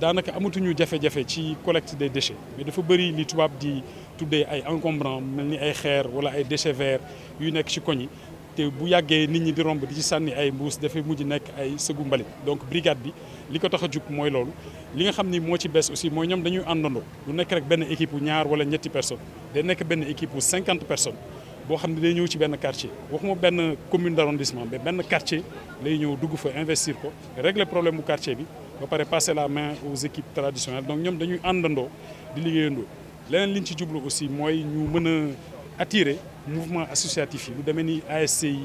daanaka amatuñu jafé jafé ci collecte des déchets mais dafa bëri li tubab di tuddee ay encombrants melni ay xeer wala ay déchets verts yu nekk ci koñi té bu yàggee nit ñi di romb di ci sanni ay mbuss dafa mujj nekk ay sëgu mbalit donc brigade bi liko ko tax a jug li nga xamni mo ci bees aussi moy ñom dañuy àndandoo lu nekk rek ben équipe wu ñaar wala ñetti personnes day nekk ben équipe wu cinquante personnes bo xamni day ñëw ci ben quartier waxuma ben commune d'arrondissement arrondissement mais benn quartier lay ñëw dugg fa investir ko régler problème bu quartier bi ba pas passer la main aux équipes traditionnelles donc ñom dañuy andando di liggéeyandoo leneen li ñu ci djublu aussi moy ñu mëna attirer mouvement associatif yi lu demee ni ASC yi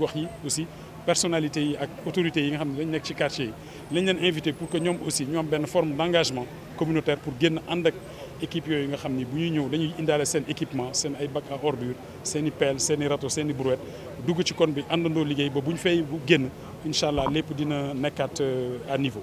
gox yi aussi personnalités yi ak autorité yi nga xam dañ nekk ci quartier yi lañ leen inviter pour que ñom aussi ñom am forme d'engagement communautaire pour génn ànd ak équipe yooyu nga xam ni bu ñuy ñëw dañuy indalé sen équipement sen ay bac à ordure sen pelle seen i râteau seen brouette dugg ci kon bi andando liggéey ba buñ fay bu génn incha allah dina nekkat euh, à niveau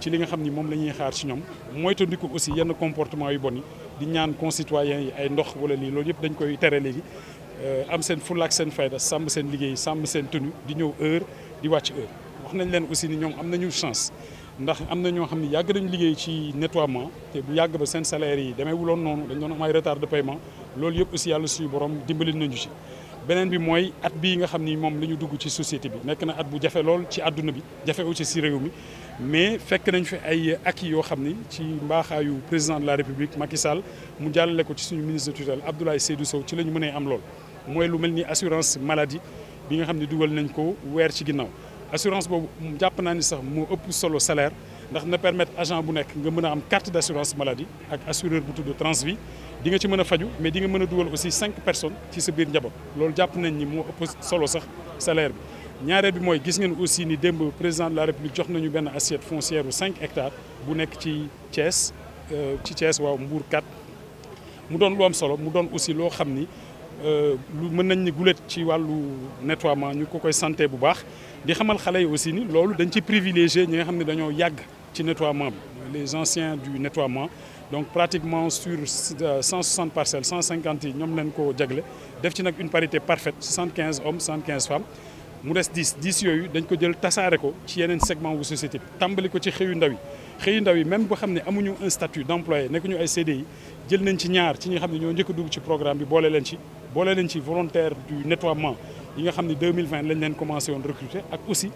ci li nga xam ni moom la ñuy xaar ci ñoom moytandiku aussi yenn comportement yu bon yi di ñaan concitoyens yi ay ndox wala lii loolu yëpp dañ koy tere léegi euh, am seen fulla ak seen fayda sàmm seen liggéey sàmm seen tenue di ñëw heure di wàcc heure wax nañ leen aussi ni ñoom am nañu chance ndax am na ñoo xam ne yàgg nañu liggéey ci nettoiement te bu yàgg ba seen salaire yi demee wuloon noonu dañ doon am ay retard de paiement loolu yëpp aussi yàlla suñu borom dimbali nañu ci benen bi mooy at bi nga xam ni moom la ñu dugg ci société bi nekk na at bu jafe lool ci àdduna bi jafe aussi si réew mi mais fekk nañ fi ay acquis yoo xam ni ci mbaaxaayu président de la république Macky Sall mu jàllale ko ci suñu ministre de tutelle Abdoulaye Seydou Sow ci la ñu mënee am lool. mooy lu mel ni assurance maladie bi nga xam ne dugal nañ ko weer ci ginnaaw assurance boobu jàpp naa ni sax moo ëpp solo salaire ndax na permettre agent bu nekk nga mën a am carte d' assurance maladie ak assureur bu tudd Transvie di nga ci mën a faju mais di nga mën a dugal aussi cinq personnes ci sa biir njaboot loolu jàpp nañ ni moo ëpp solo sax salaire bi. ñaareel bi mooy gis ngeen aussi ni démb président de la république jox nañu benn assiette foncière bu cinq hectares bu nekk ci Thiès euh, ci Thiès waaw Mbour 4 mu doon lu am solo mu doon aussi loo xam ni. Euh, Nous avons nañ ni gulet ci wàllu nettoiement ñu ko koy santé bu baax di xamal xalé aussi ni lolu dañ ci privilégié ñi nga xamné ne dañoo ci les anciens du nettoyement, donc pratiquement sur 160 euh, parcelles 150 ñom ñoom leen ko jagle def ci nak une parité parfaite 75 hommes 75 femmes mu dess 10 10 yoyu dañ ko jël tassaré ko ci yenen segment wu société tambali ko ci xëyu ndawi yi ndawi même bu xamné amuñu un statut d'employé nekuñu ay CDI jël nañ ci ñaar ci ñi nga xam ñoo ci programme bi boole leen ci boole nañ ci volontaire du nettoiement yi nga xamni 2020 lañ leen commencé woon recruter ak aussi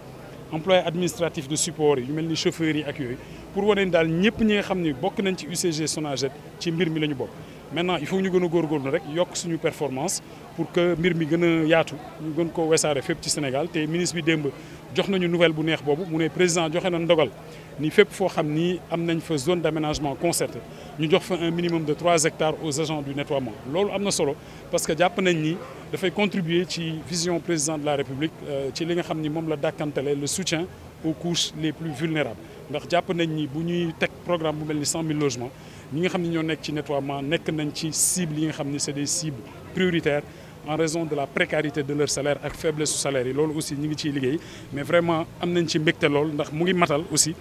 employé administratif de support yu melni chauffeur yi ak yoy pour woné dal ñepp ñi nga xamni ne bokk nañ ci UCG Sonaged ci mbir mi la ñu bokk maintenant il faut que nous a góorgóorlu rek yok suñu performance pour que mbir mi gëna a yaatu ñu gën ko wesaare fep ci Sénégal té ministre bi demb jox nañu nouvelle bu neex bobu mu président joxé na ndogal ni fep fo xam ni fa zone d'aménagement concerté ñu jox fa un minimum de 3 hectares aux agents du nettoiement lolu amna solo parce que japp nañ ni fay contribuer ci vision président de la République euh, ci li nga xam ni la le soutien aux couches les plus vulnérables ndax japp nañ ni bu ñuy programme bu melni 100000 logements nous nga xam ne ñoo nekk ci nettoiement nekk nañ ci cibles yi nga c'est des cibles prioritaires en raison de la précarité de leur salaire la faiblesse du salaire et aussi ñi ngi mais vraiment am nañ ci mbégte lool ndax mu ngi matal aussi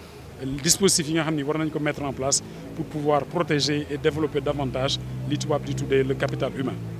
dispositif yi nga mettre en place pour pouvoir protéger et développer davantage li le capital humain